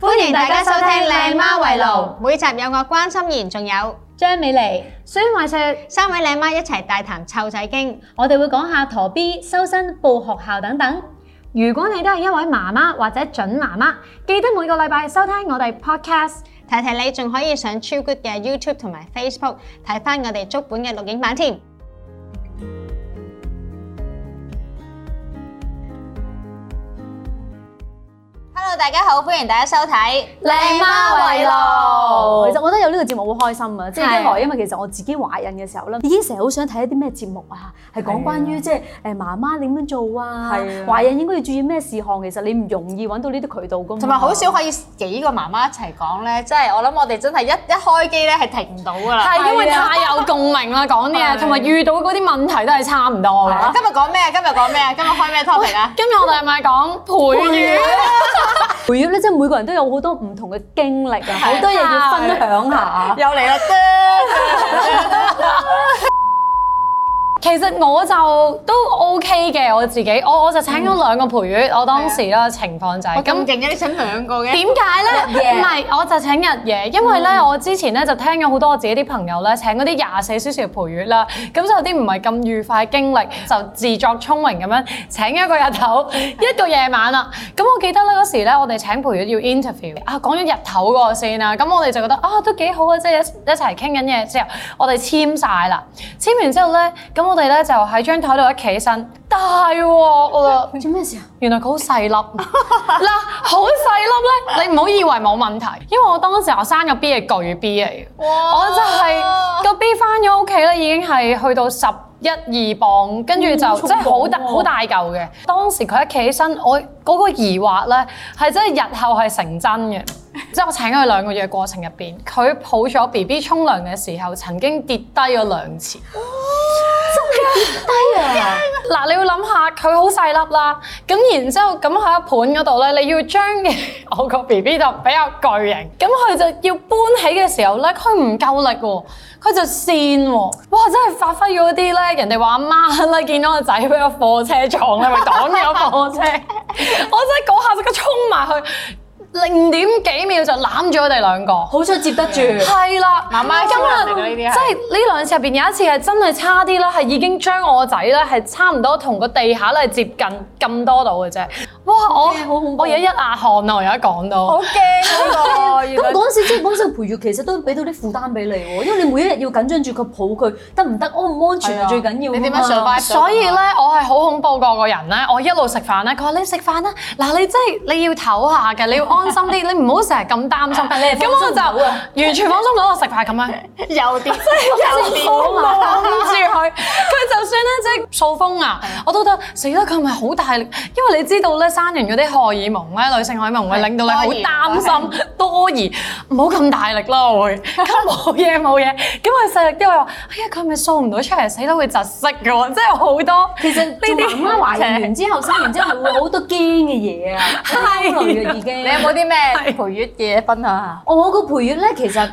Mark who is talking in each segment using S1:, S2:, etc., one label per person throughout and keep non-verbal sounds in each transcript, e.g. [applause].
S1: 歡迎大家收聽靚媽為
S2: 奴，每集有我關心妍，仲有張美麗，孫慧雪三位靚媽一齊大談湊仔經，我哋會講下陀 B、修身、報學校等等。如果你都係一位媽媽或者準媽媽，記得每個禮拜收聽我哋 podcast，提提你仲可以上超 good 嘅 YouTube 同埋 Facebook 睇返我哋足本嘅錄影版添。hello，大家好，歡迎大家收睇《靚媽為路》。其實我
S1: 覺得有呢個節目好開心啊！即係因為其實我自己懷孕嘅時候咧，已經成日好想睇一啲咩節目啊，係講關於即係誒媽媽點樣做啊，懷孕應該要注意咩事項。其實你唔容易揾到呢啲渠道噶，同埋好少可以幾個媽媽一齊講咧。即係我諗，我哋真係一一開機咧係停唔到噶啦，係因為太有共
S2: 鳴啦，講
S3: 啲啊，同埋遇到嗰啲問題都係差唔多嘅。今日講咩？
S2: 今日講咩？今日開咩 topic
S3: 咧？今日我哋係咪講陪月？
S1: 回憶咧，即係每個人都有好多唔同嘅經歷啊，好多嘢要分享下。
S2: 又嚟啦，
S3: [laughs] 其實我就都 OK 嘅，我自己我我就請咗兩個陪月，我當時咧情況就係咁勁，你請兩
S2: 個嘅？點解咧？唔係， [laughs] 我
S3: 就請日夜，因為咧我之前咧就聽咗好多我自己啲朋友咧請嗰啲廿四小時陪月啦，咁就有啲唔係咁愉快嘅經歷，就自作聰明咁樣請一個日頭， [laughs] 一個夜晚啦。咁我記得咧嗰時咧，我哋請陪月要 interview 啊，講咗日頭個先啦。咁我哋就覺得啊，都幾好啊，即係一一齊傾緊嘢之後，我哋簽晒啦，簽完之後咧咁。我哋咧就喺張枱度一企身，大鑊喇，做咩事啊？原來佢好細粒，嗱， [laughs] 好細粒咧，你唔好以為冇問題，因為我當時我生個 B 係巨 B 嚟嘅，哇我就係、嗰個 B 返咗屋企咧，已經係去到十一二磅，跟住就即係好大好大嚿嘅。當時佢一企起身，我嗰個疑惑咧係真係日後係成真嘅，即係 [laughs] 我請佢兩個月嘅過程入邊，佢抱咗 B B 沖涼嘅時候，曾經跌低咗兩次。好低啊！嗱、 [laughs] 哎，你要諗下，佢好細粒啦，咁然之後咁喺一盤嗰度咧，你要將嘅 [laughs] 我個 B B 就比較巨型，咁佢 [laughs] 就要搬起嘅時候咧，佢唔夠力喎，佢就跣喎，哇！真係發揮咗啲咧，人哋話阿媽喺度見到個仔喺度貨車撞咧，咪擋咗貨車， [laughs] [laughs] 我真係嗰下即刻衝埋去。零點幾秒就攬住我哋兩個，好彩接得住。係啦 [laughs] 了，媽媽、啊、今日即係呢兩次入邊，有一次係真係差啲啦，係已經將我個仔咧係差唔多同個地下咧係接近咁多度嘅啫。哇！我我而家一壓汗啊！我而家講到，
S1: 好驚啊！咁為嗰時即係本身培育，其實都俾到啲負擔俾你喎。因為你每一日要緊張住佢抱佢得唔得安唔安全係最緊要。你點樣上班？所以咧，我
S3: 係好恐怖過個人咧。我一路食飯咧，佢話你食飯啦，嗱你即係你要唞下嘅，你要安心啲，你唔好成日咁擔心。你係放心完全放心唔到我食飯係咁樣，有啲真係一直緊住佢。佢就算咧即係掃風啊，我都得死得佢係咪好大力，因為你知道咧。生完嗰啲荷爾蒙咧，女性荷爾蒙會令到你好擔心多疑，唔好咁大力咯，會。咁冇嘢冇嘢，咁我細力啲我話，哎呀，佢係咪 show 唔到出嚟，死都會窒息噶喎，真係好多。其實做媽媽懷孕完之後，生完之後會好
S1: 多驚嘅嘢啊，同月子驚。你有冇啲咩陪月嘅嘢分享啊？我個陪月咧，其實。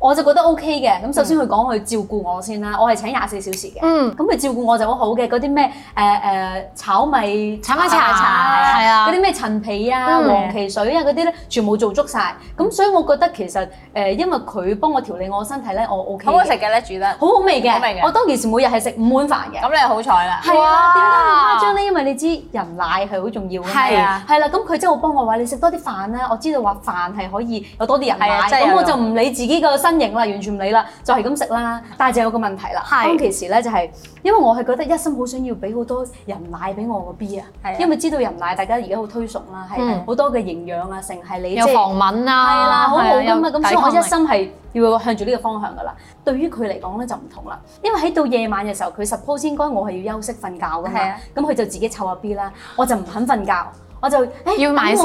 S1: 我就覺得 OK 嘅，咁首先佢講佢照顧我先啦，我係請廿四小時嘅，咁佢照顧我就好好嘅，嗰啲咩誒誒炒米、炒奶茶、嗰啲咩陳皮啊、黃芪水啊嗰啲咧，全部做足晒。咁所以我覺得其實誒，因為佢幫我調理我身體咧，我 OK，好好食嘅咧，煮得好好味嘅，我當其時每日係食五碗飯嘅，咁你好彩啦，係啊，點解咁誇張咧？因為你知人奶係好重要嘅，係啦，咁佢即係會幫我話你食多啲飯啦，我知道話飯係可以有多啲人奶，咁我就唔理自己個身。身型啦，完全唔理啦，就係咁食啦。但係就有個問題啦，當其時咧就係，因為我係覺得一心好想要俾好多人奶俾我個 B 啊，因為知道人奶大家而家好推崇啦，係好多嘅營養啊，成係你即係防敏啊，係啦，好好咁啊，所以我一心係要向住呢個方向噶啦。對於佢嚟講咧就唔同啦，因為喺到夜晚嘅時候，佢 suppose 應該我係要休息瞓覺㗎嘛，咁佢就自己湊下 B 啦，我就唔肯瞓覺，我就欸，要埋身，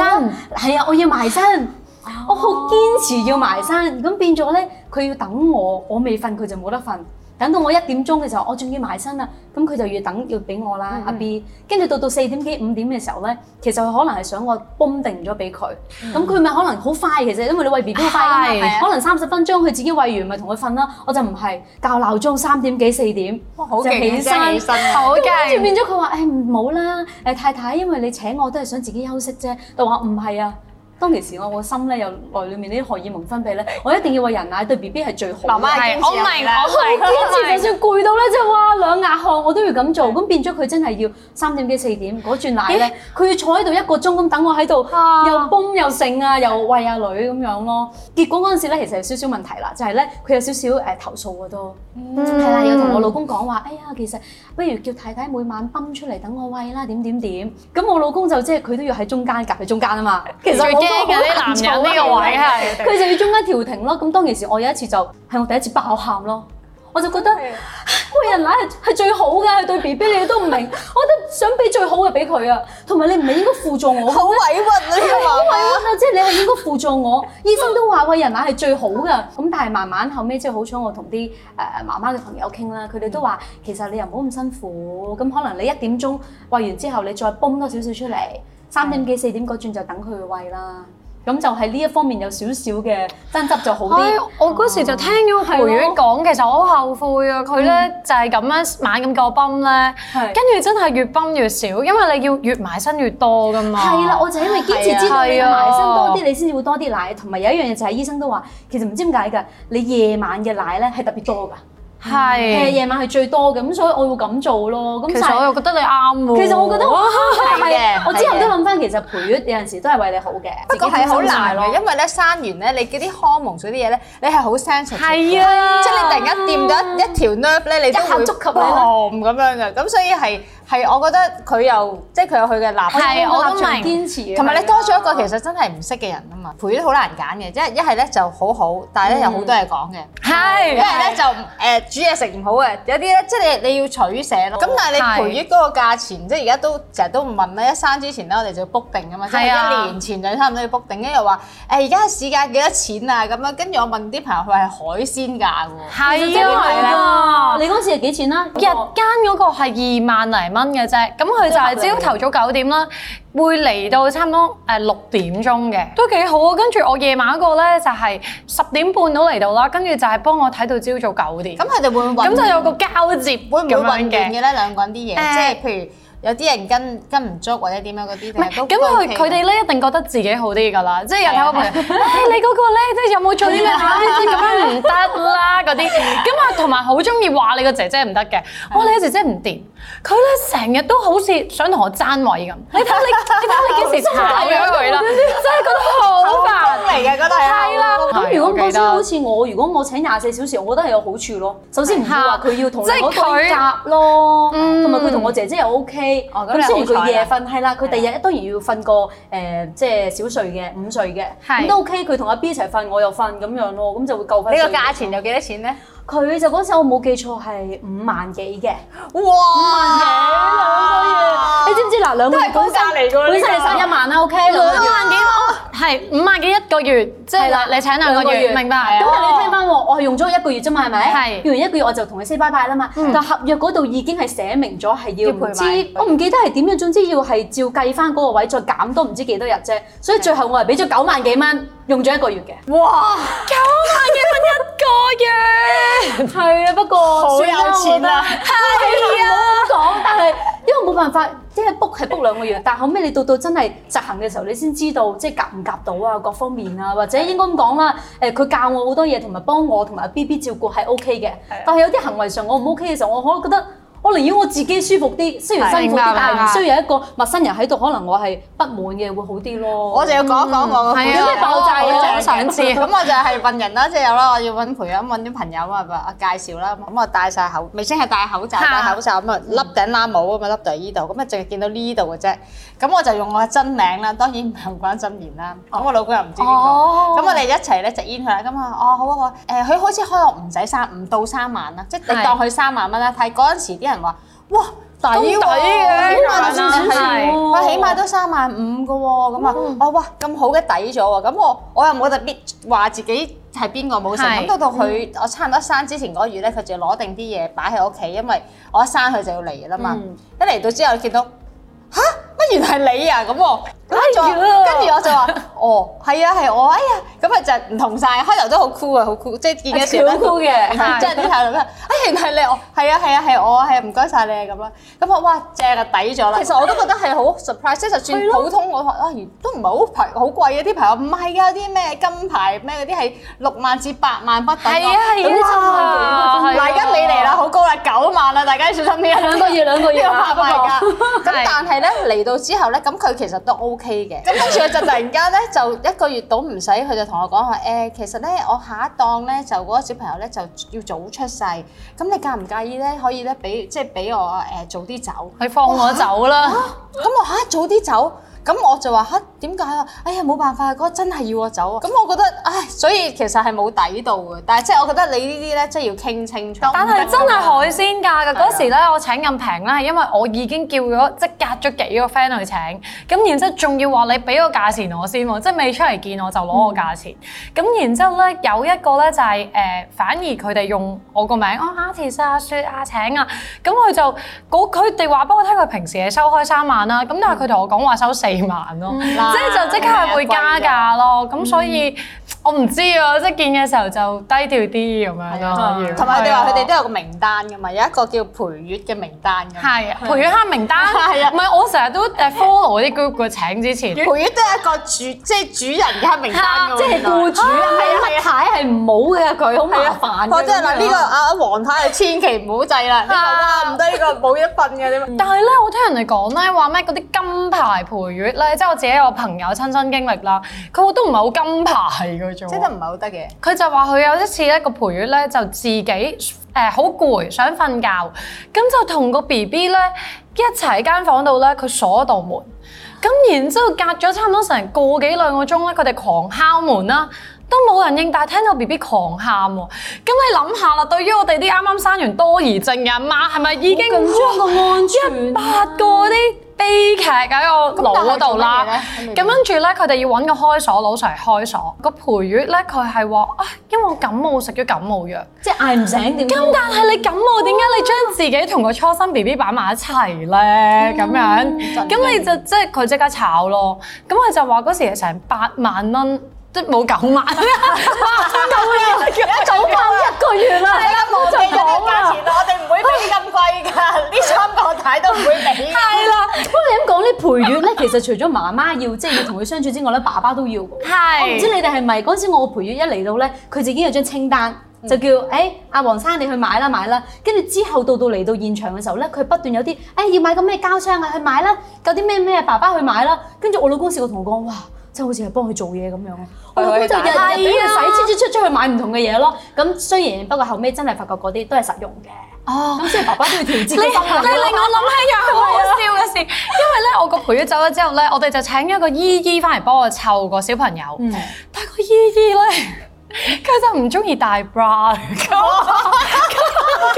S1: 係啊，我要埋身。Oh. 我好堅持要埋身，咁變咗咧，佢要等我，我未瞓佢就冇得瞓。等到我一點鐘嘅時候，我仲要埋身啦，咁佢就要等要俾我啦，mm hmm. 阿 B。跟住到到四點幾五點嘅時候咧，其實佢可能係想我泵定咗俾佢。咁佢咪可能好快，其實因為你餵 B B 好快，Yes. 可能三十分鐘佢自己餵完咪同佢瞓啦。我就唔係教鬧鐘三點幾四點好起身，跟住變咗佢話唔好啦，誒太，太太，因為你請我都係想自己休息啫，就話唔係啊。當其時，我個心咧又內裏面呢啲荷爾蒙分泌咧，我一定要喂人奶對 B B 係最好嘅係，我明，我明，我堅持就算攰到咧，就話兩額汗，我都要咁做，咁變咗佢真係要三點幾四點嗰轉奶咧，佢要坐喺度一個鐘咁等我喺度，又崩又剩啊，又喂阿女咁樣咯。結果嗰陣時咧，其實有少少問題啦，就係咧佢有少少誒投訴我都，係啦，有同我老公講話，哎呀，其實不如叫太太每晚泵出嚟等我喂啦，點點點。咁我老公就即係佢都要喺中間隔喺中間啊嘛，其實呢個啲男人呢個位係，佢就要中間調停咯。咁當其時，我有一次就係我第一次爆喊咯，我就覺得喂人奶係最好嘅，對 B B 你都唔明，我都想俾最好嘅俾佢啊。同埋你唔係應該輔助我咩？好委屈啊！你好委屈啊！即係你係應該輔助我。醫生都話喂人奶係最好嘅。咁但係慢慢後尾，即係好彩我同啲誒媽媽嘅朋友傾啦，佢哋都話其實你又唔好咁辛苦。咁可能你一點鐘喂完之後，你再泵多少少出嚟。三點幾四點嗰轉就等佢喂啦，咁就喺呢一方面有少少嘅爭執就好啲。
S3: 我嗰時就聽咗培養講其實我好後悔啊！佢咧就係咁樣晚咁夠泵咧，跟住真係越泵越少，因為你要越埋身越多噶嘛。係啦，我就因為堅持之道你埋身多啲，你
S1: 先至會多啲奶。同埋有一樣嘢就係醫生都話，其實唔知點解㗎，你夜晚嘅奶咧係特別多㗎。係，誒夜晚係最多嘅，咁所以我要咁做咯。咁其實我又覺得你啱喎。其實我覺得係，我之後都諗翻，的其實培月有陣時都係為你好嘅， [laughs] 不自己好難咯。 [laughs] 因為咧生完咧，
S2: 你嗰啲康蒙水啲嘢咧，你係好 sensitive 即係你突然間掂咗一 [laughs] 一條 nerve 咧，你都會嘣咁樣嘅。咁所以係。係，我覺得佢又即係佢有佢嘅立，係我都明。堅持同埋你多咗一個其實真係唔識嘅人啊嘛，陪月好難揀嘅，即係一係咧就好好，但係咧有好多嘢講嘅，係一係咧就誒煮嘢食唔好嘅，有啲咧即係你你要取捨咯。咁但係你陪月嗰個價錢，即係而家都成日都唔問咧，一生之前咧我哋就 book 定㗎嘛，即係一年前兩三都要 book 定，跟住又話誒而家市價幾多錢啊咁樣，跟住我問啲朋友佢話係海鮮價喎，係啊，你嗰時係幾錢啦？日間嗰個係二萬零。蚊嘅啫，咁佢就係朝頭早九點
S3: 啦，會嚟到差唔多誒六點鐘嘅，都幾好。跟住我夜晚一個咧就係十點半都到嚟到啦，跟住就係幫我睇到朝早九點。咁佢哋會唔會，咁就有個交接，會唔會混亂嘅咧？兩個人啲嘢，嗯、即係譬
S2: 如。有啲人跟跟唔足或者點樣嗰啲，咁佢佢哋咧一定覺得自己好啲㗎啦，即係又睇我朋友誒你嗰個
S3: 咧，即係有冇做啲咩啊？即係咁樣唔得啦嗰啲，咁啊同埋好鍾意話你個姐姐唔得嘅，哇你個姐姐唔掂，佢咧成日都好似想同我爭位咁。你
S2: 睇你你睇你幾時吵咗佢啦？真係覺得好煩嚟嘅嗰對。如果我先好
S1: 似我，如果我請廿四小時，我覺得係有好處咯。首先唔的係話佢要同我嗰邊夾咯，同埋佢同我姐姐又 OK、嗯。咁、哦、雖然佢夜瞓，係啦、嗯，佢第日當然要瞓個誒，即、呃、係、就是、小睡嘅午睡嘅，咁的都 OK。佢同阿 B 一齊瞓，我又瞓咁樣咯，咁就會夠佢。呢個價錢又幾多錢咧？佢就嗰陣時，我冇記錯係五萬幾嘅。哇！五萬幾兩個月，你知唔知嗱？兩個月都係公價嚟㗎。本身係十一萬啦，OK。兩萬幾蚊？係五萬幾一個月，即係啦，你請兩個月。明白。咁你聽翻喎，我係用咗一個月啫嘛，係咪？係。用完一個月我就同佢 say bye bye 啦嘛。但係合約嗰度已經係寫明咗係要唔知，我唔記得係點樣。總之要係照計翻嗰個位，再減多唔知幾多日啫。所以最後我係俾咗九萬幾蚊。用咗一個月嘅，哇 [laughs] 九萬幾蚊一個月，係 [laughs] 啊，不過好有錢啊，唔好講， [laughs] 但係因為冇辦法，即係 book 係 book 兩個月，但後尾你到到真係執行嘅時候，你先知道即係夾唔夾到啊，各方面啊，或者應該咁講啦，誒、呃、佢教我好多嘢，同埋幫我同埋 B B 照顧係 O K 嘅，但係有啲行為上我唔 O K 嘅時候，我我覺得。我寧願我自己舒服啲，雖然辛苦啲，但係唔需要有一個陌生人喺度，可能我係不滿嘅，會好啲咯。我就要講講講，有咩爆炸嘅相片？咁我就係
S2: 問人啦，即係有啦，我要揾朋友，揾啲朋友啊，介紹啦。咁我戴晒口，未先係戴口罩，戴口罩咁啊，笠頂冷帽啊嘛，笠到喺依度，咁啊，淨係見到呢度嘅啫。咁我就用我嘅真名啦，當然唔係好關真言啦。咁我老公又唔知邊個，咁我哋一齊咧食煙佢啦。咁啊，哦好啊好啊，誒佢開始開我唔使三唔到三萬啦，即係你當佢三萬蚊啦。但係嗰陣時啲人話，哇抵唔抵嘅？起碼都少少喎，起碼都三萬五嘅喎。咁啊，哦哇咁好嘅抵咗喎。咁我我又冇特別話自己係邊個冇成。咁到到佢我差唔多生之前嗰月咧，佢就攞定啲嘢擺喺屋企，因為我一生佢就要嚟啦嘛。一嚟到之後見到嚇，居然係你啊，咁跟住我就話：哦，係啊，係我，哎呀，咁啊就唔同晒。開頭都好酷啊，好酷，即係見到時好酷 o o 嘅，即係你睇到咩？哎呀，係你，我係啊係啊係我，係唔該晒你咁啦。咁啊哇，正啊抵咗啦！其實我都覺得係好 surprise，即係就算普通我話，啊，都唔係好牌好貴啊，啲朋友唔係啊，啲咩金牌咩嗰啲係六萬至八萬不等。係啊，嗱，而家你嚟啦，好高啦，九萬啦，大家小心啲啊！兩個月兩個月啊！咁但係咧嚟到之後咧，咁佢其實都 O K 嘅，咁跟住就突然間咧，就一個月到唔使，佢就同我講話誒，其實咧我下一檔咧就嗰個小朋友咧就要早出世，咁你介唔介意咧？可以咧俾即係俾我誒早啲走，佢放我走啦，咁我嚇早啲走。咁我就話嚇，點解啊？哎呀冇辦法，嗰個真係要我走啊！咁、嗯、我覺得唉，所以其實係冇底度嘅。但係即係我覺得你呢啲咧，即係要傾清楚。但係真係海鮮價㗎，嗰時咧，我請咁平啦，係因為我已經叫咗即係隔咗幾個 friend 去請。
S3: 咁然之後仲要話你俾個價錢我先喎，即係未出嚟見我就攞個價錢。咁、嗯、然之後咧有一個咧就係、是、誒、呃，反而佢哋用我個名、嗯、哦，阿 t i 阿雪阿請啊。咁佢、啊啊、就佢哋話，幫我睇佢平時係收開三萬啦。咁但係佢同我講話收四。 [noise] 嗯、 [noise] 即係就即刻係會加價咯，咁、嗯、所以。我唔
S2: 知啊，即係見嘅時候就低調啲咁樣咯。
S3: 同埋我哋話佢哋
S2: 都有個名單㗎嘛，有一個叫陪月嘅名單。係陪月黑名單係啊，唔係我成日都 follow 啲 group 嘅請之前。陪月都係一個主，即係主人嘅黑名單，即係僱主啊。係啊，太
S3: 太係唔好嘅，佢好麻煩。即係嗱，呢個阿阿黃太係千祈唔好制啦，係啊，唔得呢個冇一份嘅。但係咧，我聽人哋講咧，話咩嗰啲金牌陪月咧，即係我自己有朋友親身經歷啦，佢都唔係好金牌嘅。
S2: 真係唔係好得嘅。
S3: 佢就話佢有一次咧，個陪月咧，就自己誒，好攰想瞓覺，咁就同個 B B 咧一齊喺間房度咧佢鎖一道門。咁然之後隔咗差唔多成個幾兩個鐘咧，佢哋狂敲門啦，都冇人應，但聽到 B B 狂喊喎。咁你諗下啦，對於我哋啲啱啱生完多疑症嘅阿媽，媽，係咪已經哇望住一百個啲？悲劇喺個腦嗰度啦，咁跟住咧，佢哋要揾個開鎖佬上嚟開鎖。個陪月咧，佢係話啊，因為我感冒食咗感冒藥，即係嗌唔醒點？咁但係你感冒，點解你將自己同個初生 B B 擺埋一齊咧？咁、嗯、樣咁你就即係佢即刻炒咯。咁佢就話嗰時係成八萬蚊。即係冇九一早萬一
S2: 個月啦！大家忘記咗啲價錢 [laughs] 我哋唔會俾咁貴㗎，啲親朋睇都唔會俾。係啦了，
S1: 不過你咁講咧，陪月咧其實除咗媽媽要，即、就、係、是、要同佢相處之外咧，爸爸都要。係對，我唔知你哋係咪？嗰陣時我陪月一嚟到咧，佢自己有張清單，就叫誒阿黃生你去買啦買啦。跟住之後到到嚟到現場嘅時候咧，佢不斷有啲誒、哎、要買個咩膠箱啊去買啦，搞啲咩咩爸爸去買啦，跟住我老公試過同我講哇。即係好似係幫佢做嘢咁樣，我老公就日日洗，專專出出去買唔同嘅嘢咯。咁雖然不過後尾真係發覺嗰啲都係實用嘅。哦，咁即係爸爸都要調節嘅方法。你你令我諗起一樣好笑嘅事，因為咧我個陪月走咗
S3: 之後咧，我哋就請咗個姨姨翻嚟幫我湊個小朋友。但係個姨姨咧，佢就唔中意大 bra。點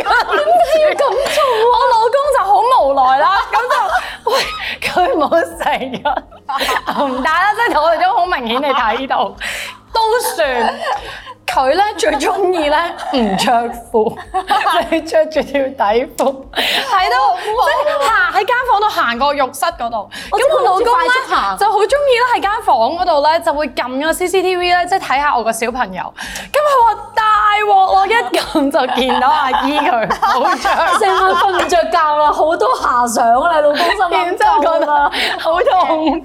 S3: 解要咁做？我老公就好無奈啦。咁就喂，佢冇成人。唔得啦，即係我哋都好明顯你睇呢度都算佢咧最中意咧唔着褲，你着住條底褲睇到，即係行喺間房度行過浴室嗰度。咁我，我老公咧就好中意咧喺間房嗰度咧就會撳個 CCTV 咧，即係睇下我個小朋友。咁我我。我一撳就見到阿姨佢，
S1: 成晚瞓唔著覺啦，好多遐想啦，老公心驚，之後覺得好痛苦，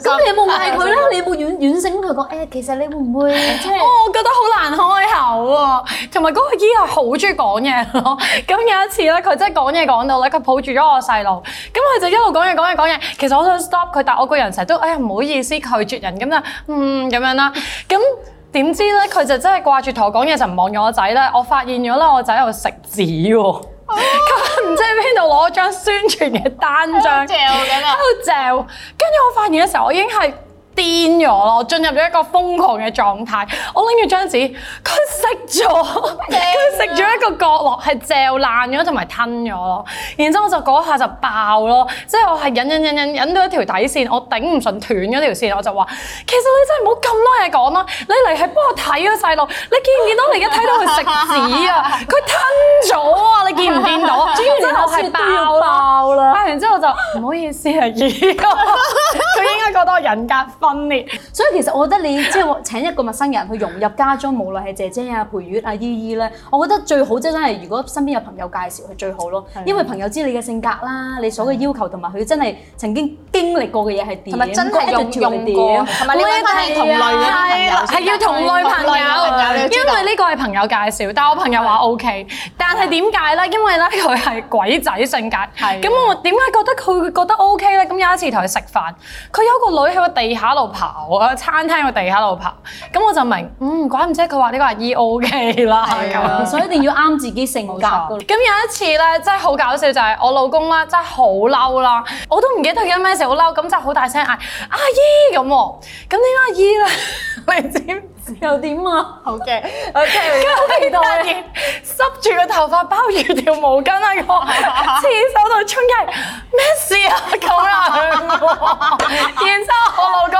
S1: 咁你有冇嗌佢咧？你有冇軟軟性咁同佢講？誒、哎，其實你會唔會？哦，
S3: 我覺得好難開口喎、啊，同埋嗰個阿姨係好中意講嘢咯。咁 [laughs] 有一次咧，佢真係講嘢講到咧，佢抱住咗我細路，咁佢就一路講嘢講嘢講嘢。其實我想 stop 佢，但係我個人成日都哎呀，唔好意思拒絕人咁啦，嗯咁樣啦，咁。點知咧，佢就真係掛住同我講嘢就唔望住我仔咧。我發現咗咧、喔，我仔喺度食紙喎。佢唔知喺邊度攞張宣傳嘅單張，喺喺度掟。跟住 [laughs] 我發現嘅時候，我已經係。癲咗咯，進入咗一個瘋狂嘅狀態。我拎住張紙，佢食咗，佢食咗一個角落，係嚼爛咗同埋吞咗咯。然之後我就嗰下就爆咯，即係我係忍忍忍忍忍到一條底線，我頂唔順斷咗條線，我就話：其實你真係冇咁多嘢講咯，你嚟係幫我睇個細路，你見唔見到你而家睇到佢食紙啊？佢 [laughs] 吞咗啊！你見唔見到？然 [laughs] 之後係爆
S1: 爆啦。然之後就唔好意思啊，二哥，佢應該覺得我人格所以其實我覺得你即係請一個陌生人去融入家中，無論係姐姐啊、陪月阿姨姨咧，我覺得最好即係如果身邊有朋友介紹係最好咯，因為朋友知你嘅性格啦，你所嘅要求同埋佢真係曾經經歷過嘅嘢係點，真係用用過，同埋呢個係同類嘅朋友，係要同類朋
S3: 友，因為呢個係朋友介紹，但係我朋友話 O K，但係點解咧？因為咧佢係鬼仔性格，咁我點解覺得佢會覺得 O K 咧？咁有一次同佢食飯，佢有個女喺個地下。喺度跑啊！餐廳個地下度跑，咁我就明，嗯，怪唔知佢話呢個阿姨 OK 啦，咁、啊，樣所以一定要啱自己性格。咁錯有一次咧，真係好搞笑，就係我老公咧，真係好嬲啦，我都唔記得咗咩事好嬲，咁真係好大聲嗌阿姨咁喎，咁啲阿姨咧，你知又點啊？好
S2: 嘅，
S3: 我聽到啦。濕住個頭髮，包住條毛巾喺個廁所度沖嘢，咩事啊咁啊！然之後我老公。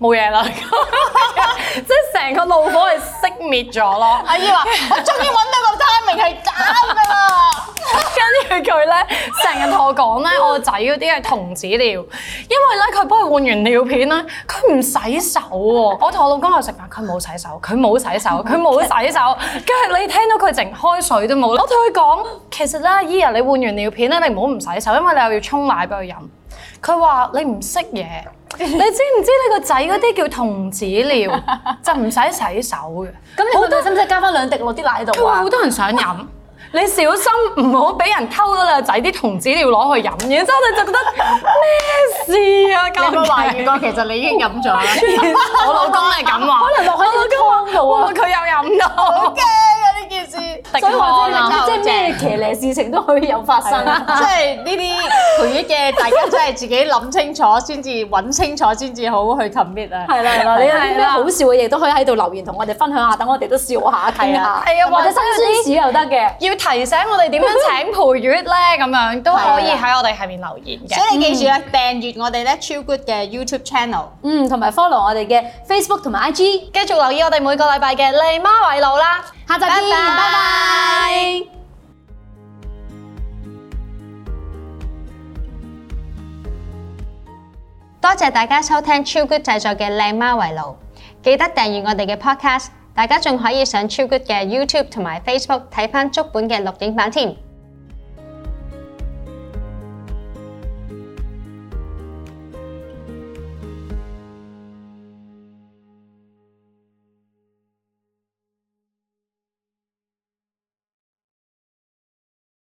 S3: 冇嘢啦，即係成個怒火係熄滅咗咯。 [laughs] 阿姨話： [laughs] 我終於揾到個 timing 係假噶啦。 [laughs] 跟住佢咧，成日同我講咧，我仔嗰啲係童子尿，因為咧佢幫佢換完尿片咧，佢唔洗手喎。我同我老公去食飯，佢冇洗手，佢冇洗手，佢冇洗手。跟住、oh、my 你聽到佢淨開水都冇。我同佢講，其實咧，阿姨啊，你換完尿片咧，你唔好唔洗手，因為你又要沖奶俾佢飲。佢話你唔識嘢。你知唔知你個仔嗰啲叫童子尿，就唔使洗手嘅。咁你好多咪唔使加翻兩滴落啲奶度啊？佢好多人想飲，想你小心唔好俾人偷咗你個仔啲童子尿攞去飲嘅。之後你就覺得咩 [laughs] 事啊？
S2: 咁冇懷疑過其實你已經飲咗。 [laughs] [laughs] 我老公係咁話，可能落喺個湯度啊，佢又飲到嘅。或者，即係咩騎呢事情都可以有發生，即係呢啲陪月嘅，大家真係自己諗清楚先至揾清楚，先至好去 commit 啊！係啦，係啦，你有啲咩好笑嘅嘢都可以喺度留言同我哋分享下，等我哋都笑下睇下。係啊，或者新鮮事又得嘅，要提醒我哋點樣請陪月咧？咁樣都可以喺我
S3: 哋下面留言嘅。所以你記住咧，
S2: 訂閱我哋咧超
S1: good 嘅 YouTube channel，嗯，同埋 follow 我哋嘅 Facebook 同埋 I G，繼續留意我哋每個禮拜嘅利媽為奴啦。下集見，拜拜。
S2: 多謝大家收聽超 good 製作嘅《靚媽圍爐》，記得訂閱我哋嘅 podcast。大家仲可以上超 good 嘅 YouTube 同埋 Facebook 睇返足本嘅錄影版添。